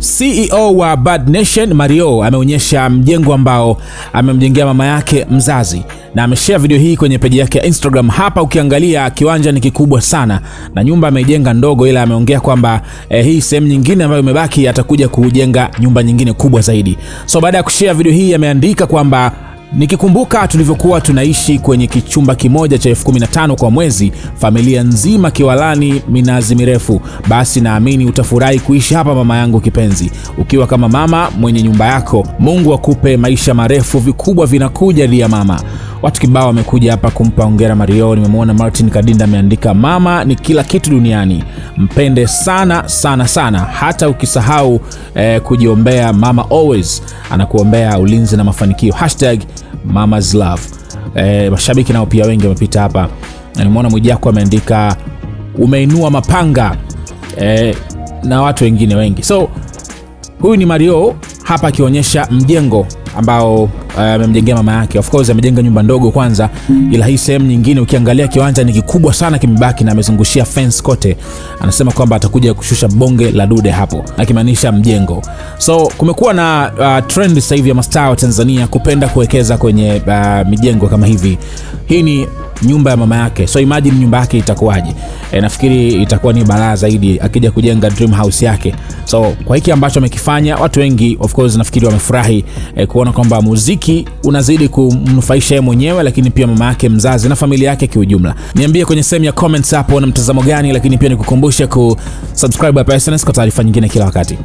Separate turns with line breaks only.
CEO wa Bad Nation Mario ameonyesha mjengo ambao amemjengea mama yake mzazi na ameshare video hii kwenye peji yake ya Instagram. Hapa ukiangalia kiwanja ni kikubwa sana na nyumba ameijenga ndogo, ila ameongea kwamba eh, hii sehemu nyingine ambayo imebaki atakuja kujenga nyumba nyingine kubwa zaidi. So baada ya kushare video hii ameandika kwamba Nikikumbuka tulivyokuwa tunaishi kwenye kichumba kimoja cha elfu kumi na tano kwa mwezi, familia nzima Kiwalani, minazi mirefu. Basi naamini utafurahi kuishi hapa, mama yangu kipenzi, ukiwa kama mama mwenye nyumba yako. Mungu akupe maisha marefu, vikubwa vinakuja dia mama. Watu kibao wamekuja hapa kumpa hongera Mario. Nimemwona Martin Kadinda ameandika, mama ni kila kitu duniani mpende sana sana sana, hata ukisahau eh, kujiombea. Mama always anakuombea ulinzi na mafanikio, hashtag mama's love. Eh, mashabiki nao pia wengi wamepita hapa, nimeona Mwijako ameandika umeinua mapanga eh, na watu wengine wengi. So huyu ni Mario hapa akionyesha mjengo ambao Eh, amemjengea uh, mama yake. Of course amejenga nyumba ndogo kwanza, ila hii sehemu nyingine ukiangalia kiwanja ni kikubwa sana kimebaki na amezungushia fence kote. Anasema kwamba atakuja kushusha bonge la dude hapo, akimaanisha mjengo. So kumekuwa na uh, trend sasa hivi ya mastaa wa Tanzania kupenda kuwekeza kwenye uh, mijengo kama hivi. Hii ni nyumba ya mama yake, so imagine nyumba yake itakuwaje? E, nafikiri itakuwa ni balaa zaidi akija kujenga dream house yake. So kwa hiki ambacho amekifanya, watu wengi of course nafikiri wamefurahi e, kuona kwamba muziki hiki unazidi kumnufaisha yeye mwenyewe, lakini pia mama yake mzazi na familia yake kiujumla. Niambie kwenye sehemu ya comments hapo na mtazamo gani, lakini pia nikukumbushe kusubscribe hapa SnS kwa taarifa nyingine kila wakati.